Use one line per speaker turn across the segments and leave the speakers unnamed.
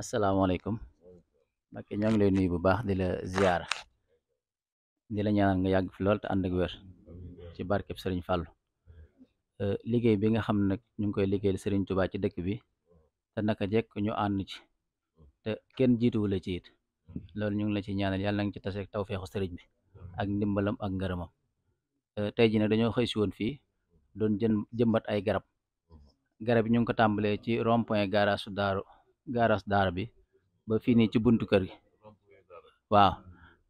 asalaamaaleykum Mbacké ñoo ngi lay nuyu bu baax di la ziyaara di la ñaanal nga yàgg fi lool te ànd ak wér ci barkeb sëriñ Fàllu liggéey bi nga xam nag ñu ngi koy liggéeyal sëriñ Tuubaa ci dëkk bi te naka jekk ñu ànd ci te kenn jiituwu la ci it loolu ñu ngi la ci ñaanal yàlla nga ci taseek taw feexu sëriñ bi ak ndimbalam ak ngërëmam tey ji nag dañoo xëy si woon fii doon jën jëmbat ay garab garab ñu ngi ko tàmbalee ci rond point garage garas daara bi ba fii nii ci buntu kër gi waaw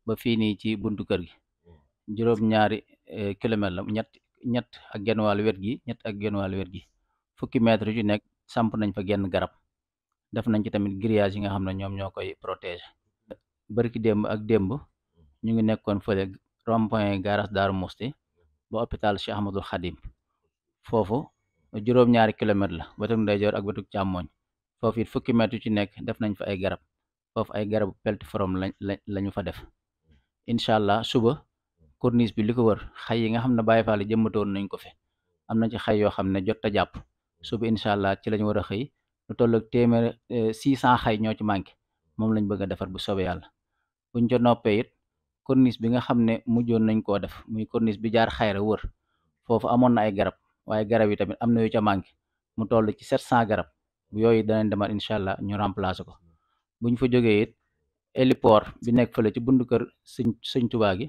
ba fii nii ci buntu kër gi juróom-ñaari eh, kilomètre la ñett ñett ak genn wàll wet gi ñett ak genn wàll wet gi fukki mètre yu ci nekk samp nañ fa genn garab def nañ ci tamit grillage yi nga xam ne ñoom ñoo koy protéger barki demb ak démb ñu ngi nekkoon fële rond-point gaaras daaru musti ba hôpital Cheikh Ahmadul foofu juróom-ñaari kilomètre la bëtug ndeyjoor ak bëtug càmmoñ foofu it fukki mètre ci nekk def nañ fa ay garab foofu ay garabu peltiform lañ lañu fa def incha allah suba corniche bi li ko wër xay yi nga xam ne bàyyi Faal yi jëmmatoon nañ ko fe am na ci xay yoo xam ne jot a jàpp suba incha allah ci lañ war a xëy lu toll ak téeméer 600 eh, xay ñoo ci manqué moom lañ bëgg a defar bu soobee yàlla buñ ca noppee it corniche bi nga xam ne mujjoon nañ koo def muy corniche bi jaar xayra wër foofu amoon na ay garab waaye garab yi tamit am na mu toll ci 700 garab. yooyu danañ demaat incha allah ñu remplacer ko buñ fa jogee it héliport bi nekk fële ci bundu kër sëñ sëñ Tuubaa gi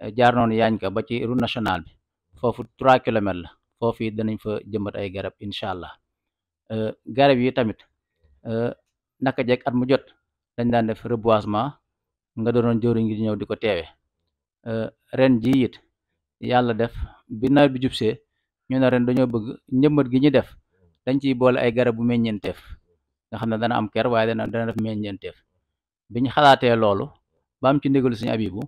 eh, jaar noonu yaañ ka ba ci route nationale bi foofu trois kilomètres la foofu it danañ fa jëmbat ay garab incha allah eh, garab yi tamit eh, naka jekk at mu jot dañ daan def reboisement nga doonoon jëwriñ gi ñëw di ko teewe ren ji it yàlla def bi nawet bi jubsee ñu ne ren dañoo bëgg njëmbat gi ñuy def dañ ciy boole ay garabu meññeenteef nga xam ne dana am ker waaye dana dana def meññeenteef bi ñu xalaatee loolu ba am ci ndigalu suñu abibu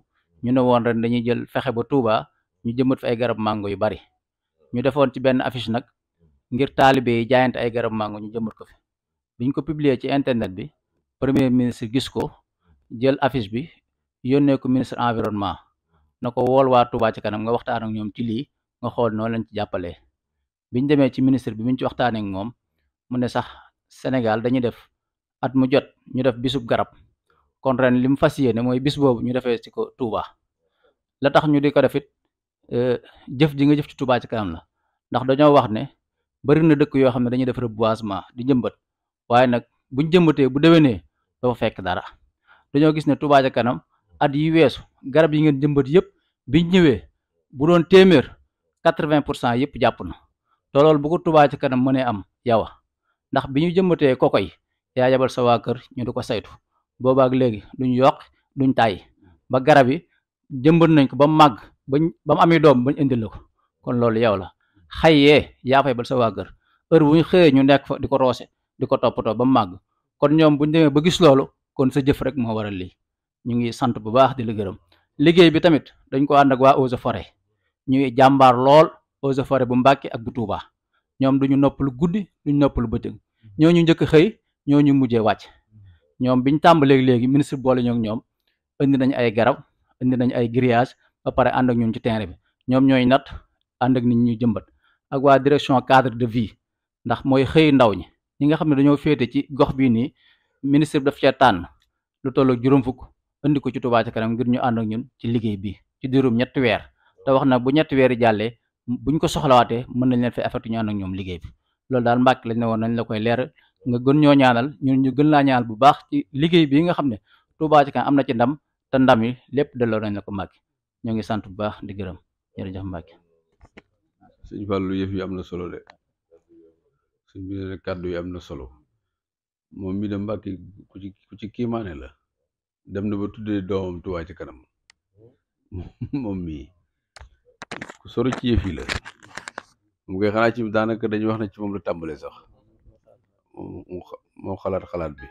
ñu ne woon ren dañuy jël fexe ba Touba ñu jëmbat fi ay garab mango yu bari ñu defoon ci benn affice nag ngir taalibe yi jaayante ay garab mango ñu jëmbat ko fi biñ ko publier ci internet bi premier ministre gis ko jël affice bi yónnee ko ministre environnement na ko wool waa Touba ci kanam nga waxtaan ak ñoom ci lii xool noonu lañ ci jàppalee biñ demee ci ministre bi mu ci waxtaanee ak moom mu ne sax Sénégal dañuy def at mu jot ñu def bisub garab kon ren li mu fas yéene mooy bis boobu ñu defee ci ko Touba la tax ñu di ko def it euh, jëf ji nga jëf ci Touba ci kanam la ndax dañoo wax ne bari na dëkk yoo xam ne dañuy def reboisement di jëmbat waaye nag buñ jëmbatee bu déwénee dafa fekk dara dañoo gis ne Touba ca kanam at yi weesu garab yi ngeen jëmbat yëpp biñ ñëwee bu doon téeméer quatre-vingt pour cent yëpp jàpp na te loolu bu ko Touba ci kanam ne am yow ndax bi ñu jëmbatee koko yi yaa yabal sa waa kër ñu di ko saytu boobaak léegi duñ yokk duñ tay ba garab yi jëmbat nañ ko ba mu màgg bañ ba mu amee doom bañ indil la ko kon loolu yow la xayyee yaa fa yabal sa waa kër heure bu ñu xëyee ñu nekk fa di ko roose di ko toppatoo ba mu màgg kon ñoom buñ demee ba gis loolu kon sa jëf rek moo waral lii ñu ngi sant bu baax di la gërëm liggéey bi tamit dañ ko ànd ak waa eaux et forêt ñuy jàmbaar lool eaux et bu Mbàkke ak bu Touba ñoom duñu noppalu guddi duñu noppalu bëccëg ñu njëkk xëy ñoo ñu mujjee wàcc ñoom biñ tàmbalee léegi ministre boole ñoog ñoom indi nañ ay garab indi nañ ay grillage ba pare ànd ak ñun ci terrain bi ñoom ñooy natt ànd ak nit ñuy jëmbat ak waa direction cadre de vie ndax mooy xëy ndaw ñi ñi nga xam ne dañoo féete ci gox bii nii ministre bi daf cee tànn lu tollook juróom fukk indi ko ci Touba ca kanam ngir ñu ànd ak ñun ci liggéey bi ci diirum ñetti weer te wax na bu ñetti weer yi jàllee buñ ko soxlawaatee mën nañ leen fi affecté ñu ànd ak ñoom liggéey bi loolu daal mbàkk lañ ne woon nañ la koy leer nga gën ñoo ñaanal ñun ñu gën laa ñaanal bu baax ci liggéey bii nga xam ne Touba Ca am na ci ndam te ndam yi lépp delloo nañ la ko mbàkk ñoo ngi sant bu baax di gërëm
jërëjëf mbàkk sëñ Fallou yëf am na solo de sëñ yi am na solo moom mi de Mbàkke ci ku ci la dem na ba tuddee doomam Touba Ca Kanam moom mii ku sori ci yëf yi la mu koy xanaa ci daanaka dañuy wax ne ci moom la tàmbalee sax moo xalaat xalaat bi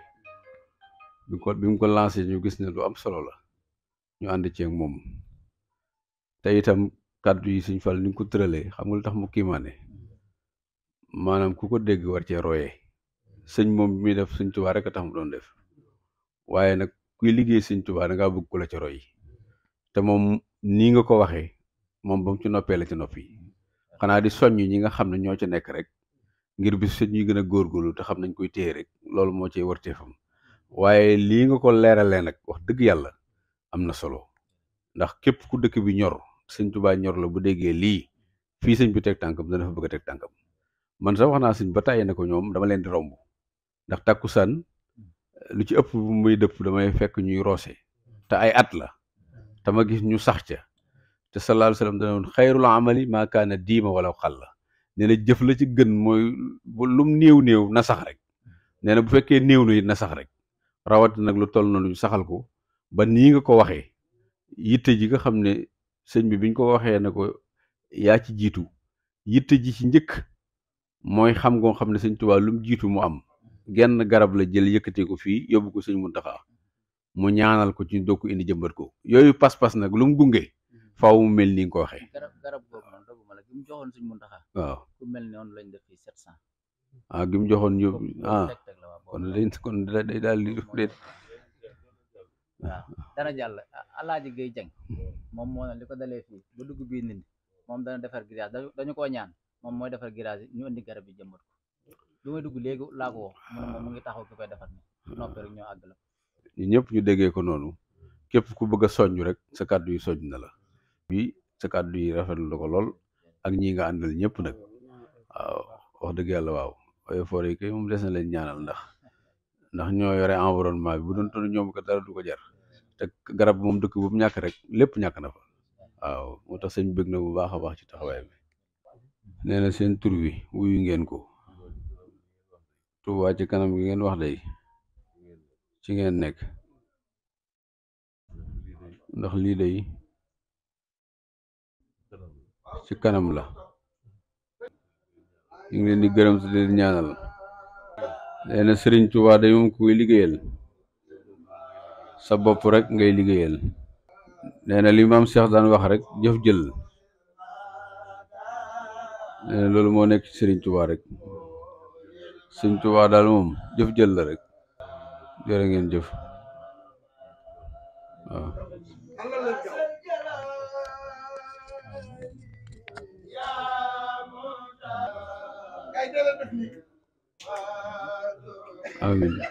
bi ko mu ko lancé ñu gis ne lu am solo la ñu ànd ceeg moom te itam kàddu yi suñ fal ni ko tëralee xam nga lu tax mu kiimaane maanaam ku ko dégg war cee royee sëñ moom bi muy def sëñ tubaa rek a tax mu doon def waaye nag kuy liggéey sëñ tubaa da ngaa bëgg ku la ci roy te moom nii nga ko waxee moom ba mu ci noppee la ci noppi xanaa di yi ñi nga xam ne ñoo ci nekk rek ngir bi set ñuy gën a góorgóorlu te xam nañ koy téye rek loolu moo war cee warteefam waaye lii nga ko leeralee nag wax dëgg yàlla am na solo ndax képp ku dëkk bi ñor sëñ Tuubaa ñor la bu déggee lii fii sëñ bu teg tànkam dana fa bëgg a teg tànkam man sax wax naa sëñ ba tàyyi na ko ñoom dama leen di romb ndax takkusaan lu ci ëpp bu muy dëpp damay fekk ñuy roose te ay at la te gis ñu sax ca te sallallahu alayhi wa sallam dana woon xayrul amali maa kaana diima wala xal la nee jëf la ci gën mooy lum néew néew na sax rek nee na bu fekkee néew na yi na sax rek rawatina nag lu toll lu saxal ko ba nii nga ko waxee yitte ji nga xam ne sëñ bi biñ ko waxee ne ko yaa ci jiitu yitte ji ci njëkk mooy xam ngoo xam ne sëñ lu lum jiitu mu am genn garab la jël yëkkatee ko fii yóbbu ko sëñ Muntaxa mu ñaanal ko ci doo ko indi jëmbat ko yooyu pas-pas nag lum gunge faaw mu mel ni nga ko waxee.
garab garab boobu noonu doguma la gi mu joxoon suñ muntaxaa. waaw ku mel ni noonu lañu def fii 700.
ah gi mu joxoon ñu ah kon dañ kon day daal di def. waaw
dana jàll alaaji gay moom moo li ko dalee fii ba dugg bii nit moom dana defar grillage dañu koo ñaan moom mooy defar grillage ñu indi garab yi jëmbat ko lu may dugg léegi laa ko woo mu ne moom mu ngi taxaw ko koy defar ni noppi rek
ñëpp ñu déggee ko noonu képp ku bëgg a soññ rek sa kàddu yu soññ na la bi sa kàddu yi rafetlu ko lool ak ñii nga àndal ñëpp nag waaw wax dëgg yàlla waaw effort yi kay moom des na leen ñaanal ndax ndax ñoo yore environnement bi bu doon toll ñoom ko dara du ko jar te garab moom dëkk bu mu ñàkk rek lépp ñàkk na fa waaw moo tax sëñ bëgg na bu baax a baax ci taxawaay bi nee na seen tur wi wuyu ngeen ko Tuubaa ci kanam gi ngeen wax day ci ngeen nekk ndax lii day ci kanam la ñu ngi leen di gërëm te leen ñaanal nee na sëriñ Tuubaa day moom kuy liggéeyal sa bopp rek ngay liggéeyal nee na li maam Cheikh daan wax rek jëf jël nee loolu moo nekk ci sëriñ Tuubaa rek sëriñ Tuubaa daal moom jëf jël la rek jërë ngeen jëf waaw
amiin